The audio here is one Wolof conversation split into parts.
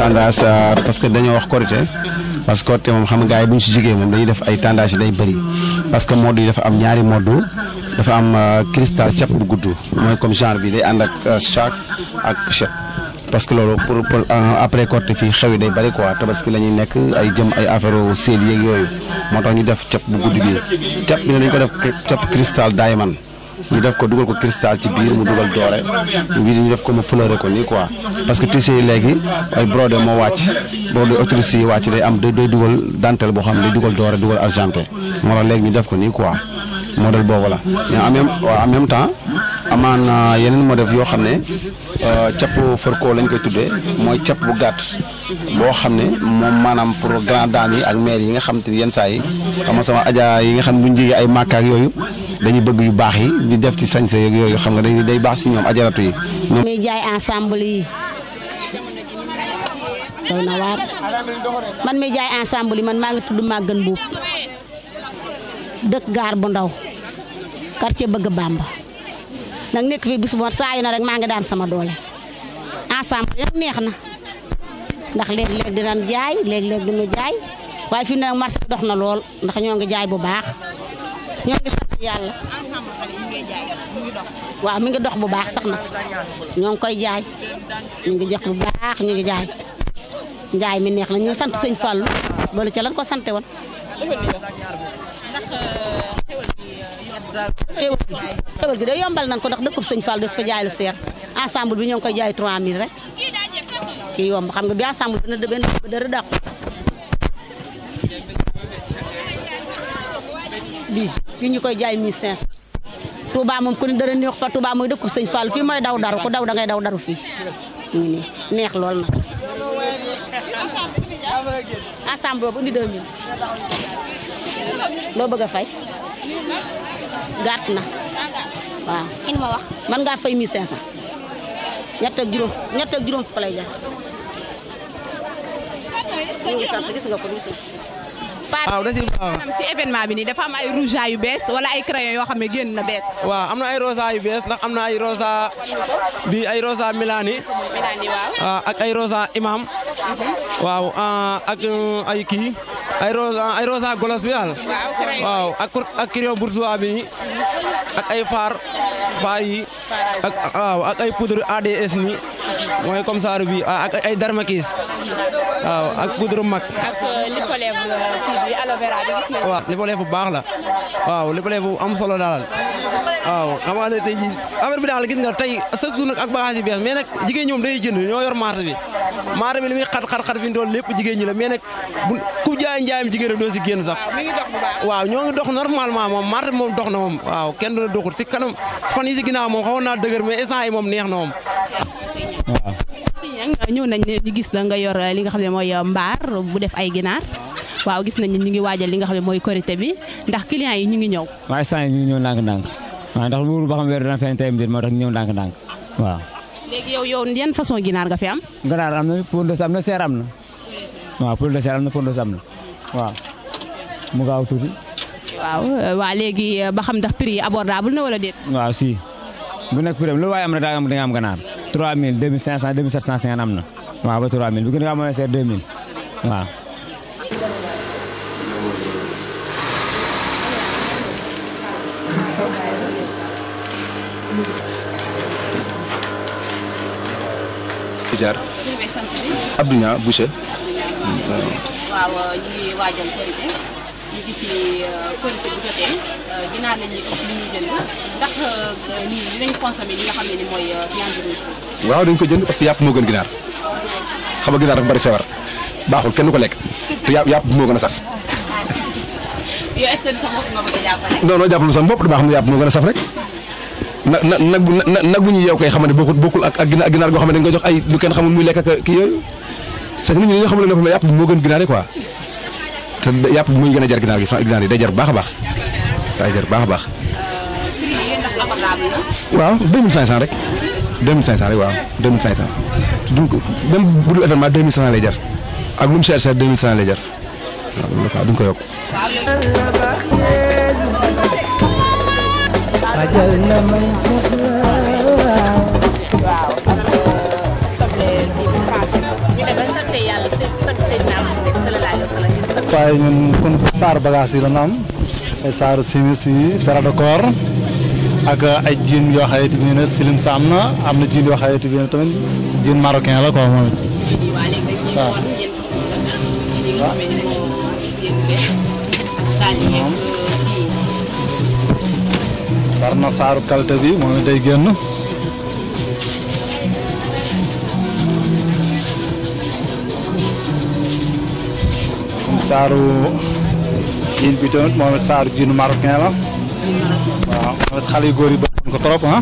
tendance euh, parce que dañoo wax korité parce que korité moom xam nga yi bu ñu si jógee moom dañuy def ay tendance yi day bari parce que mode yi dafa am ñaari modd dafa am euh, cristal cap bu gudd mooy comme genre bi day ànd ak euh, sac ak pochette parce que loolu pour pour après korité fii xew yi day bëri quoi tabaski la ñuy nekk ay jëm ay affaire seel yeeg yooyu moo tax ñu def cap bu gudd bi cap bi ne dañu ko def cap cristal diamant ñu def ko dugal ko cristal ci biir mu dugal doore bii ñu def ko mu fleuré ko nii quoi parce que tissu yi léegi ay brodé moo wàcc brodé autorisé yi wàcc day am day dugal dentelle boo xam ne dugal doore dugal argenté moo tax ñu def ko nii quoi modèle boobu la mais en même en même temps amaan yeneen modèle yoo xam ne euh, capp fërkoo lañ koy tuddee mooy capp bu gàtt boo xam ne moom maanaam pour grand dame yi ak maire yi nga xam te yenn saa yi xam sama aja yi nga xam ne bu ñu jigee ay màkkaak yooyu dañuy bëgg yu baax yi di def ci sañse yeeg yooyu xam nga dañuy day baax si ñoom ajaratu yi. muy jaay ensemble yi doy na waar man may jaay ensemble yi man maa ngi tudd gën Mbuub dëkk gaar bu ndaw quartier bëgg Bamba nag nekk fi bis bu ma saa yu na rek maa ngi daan sama doole ensemble nag neex na ndax léeg-léeg dinañ jaay léeg-léeg duñu jaay waaye fi mu ne nag marché dox na lool ndax ñoo ngi jaay bu baax ñoo ngi yàlla. waa mi ngi dox bu baax sax nag ñoo ngi koy jaay mi ngi jox bu baax ñu ngi jaay njaay mi neex na ñu sant sëñ Fallou loolu ca lan ko sante woon. Euh, euh, xéwal gi de yombal nañ ko ndax dëkkub sëñ Fall des fa jaay lu seer ensemble bi ñoo koy jaay 3000 rek ci yomb xam nga bi ensemble dina benn dara dàqu bii fii ñu koy jaay 1500. Touba moom ku ne dara neex fa Touba mooy dëkku sëñ Fall fii mooy daw daru ko daw dangay ngay daw daru fii neex lool nag. ensemble boobu indi 2000 loo bëgg a fay gàtt na waaw. kin ma wax man ngaa fay 1500 ñett ak juróom ñett ak juróom fukk lay jar gis nga waaw da waaw maanaam ci événement bi nii dafa am ay rouge yu bees wala ay crayon yoo xam ne génn na bees. waaw am na ay rosa yu bees ndax am na ay roosa bi ay rosa milani. milani waaw ah, ak ay rosa imam. Mhm. waaw ah, ak uh, ay kii ay rosa golos bi daal. waaw ak ak crayon bourgeois bi ak ay far faa ah, ak ay poudre ADS nii. mooy comme saaru bi ah, ak ay darmakiis waaw ak poudre mag. ak euh, lipoleef euh, kii bi aloe vera bi bu baax la waaw lipoleef bu am solo daal waaw xam nga tey jii affaire bi daal gis nga tey chaque jour nag ak bagage yu bees mais nag jigéen ñoom day jënd ñoo yor marché bi marché bi li muy xat xat xat lépp jigéen ñi la mais nag bu ku jaay njaayam jigéen rek doo si génn sax. waaw ñoo ngi dox normalement moom marché moom dox na moom waaw kenn doon doxut si kanam fan yi si ginnaaw moom xawoon naa dëgër mais instant yi moom neex na moom. waaw ñëw nañ ñu gis na nga yor li nga xam ne mooy mbaar bu def ay ginaar waaw gis nañ ñu ngi waajal li nga xam ne mooy korité bi ndax clients yi ñu ngi ñëw. waaye saa yi ñu ngi ñëw ndànk-ndànk waaw ndax loolu boo xam ne ñëw ndànk-ndànk waaw. léegi yow yow yan nga fi am. ginaar am na poule de am na seer am na waaw poule de seer am na poule de am na waaw mu gaaw tuuti. waaw léegi ba xam ndax prix yi abordable na wala déet. waaw si bu nekk prix am lu waaye am na daa am da nga am ganaar 3000 2500 2750 am na waaw ba 3000 bu gën a amoon seer 2000 waaw. Diar Abdou Niang Boucher. waaw ñuy waajal korité Euh, euh, ñu euh, waaw dañ ko jënd parce que yàpp moo gën ginaar xam nga ginaar dafa bari feebar baaxul kenn du ko lekk te yàpp yàpp moo gën a saf. yow est-ce que sa bopp nga a damaa xam ne yàpp moo gën a saf rek. na na nag bu nag bu ñu yeew koy xam ne bokkul bokkul ak ak ginaar ginaar goo xam ne dañ ko jox ay lu kenn xamul muy lekk ak yooyu c'est nit ñi dañoo xamul ne yàpp moo gën ginaar ko te yàpp muy gën a jar ginaar gi fa ginaar yi day jar baax baax day jar baax a baax. waaw 2500 rek 2500 rek waaw 2500 donc même bu dul événement 2500 lay jar ak lu mu cher cher 2500 lay jar waaw loolu dafa duñ ko yokk. ajal na may soxla waaye ñun kon saaru bagage yi la ñu am ay saaru simis yi dara de koor ak ay jean yoo xayati bi ne silim sa am na am na jean yoo xayati bi ne tamit jean marocain la quoi moom war na saaru qualité bi moom it génn. saaru jiin bi tamit moom it saaru jiinu marocain la waaw moom it xale yu góor yi bëggoon ko trop ah.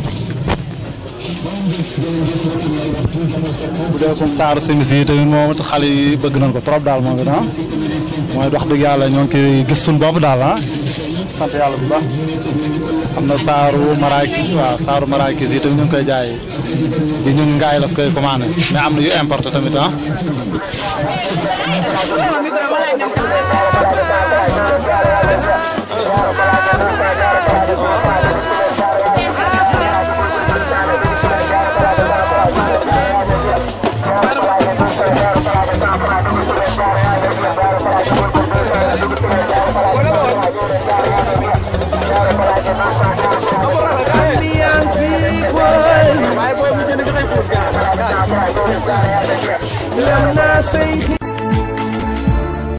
bu dee comme saaru semis tamit moom it xale yi bëgg nañ ko trop daal moom it ah mooy wax dëgg yàlla ñoo ngi koy gis suñu bopp daal ah sant yàlla bu baax. am na saaru maraakis waaw saaru maraakis yi koy jaay yi ñun ngaay koy commandé mais am tamit ah. Let me not say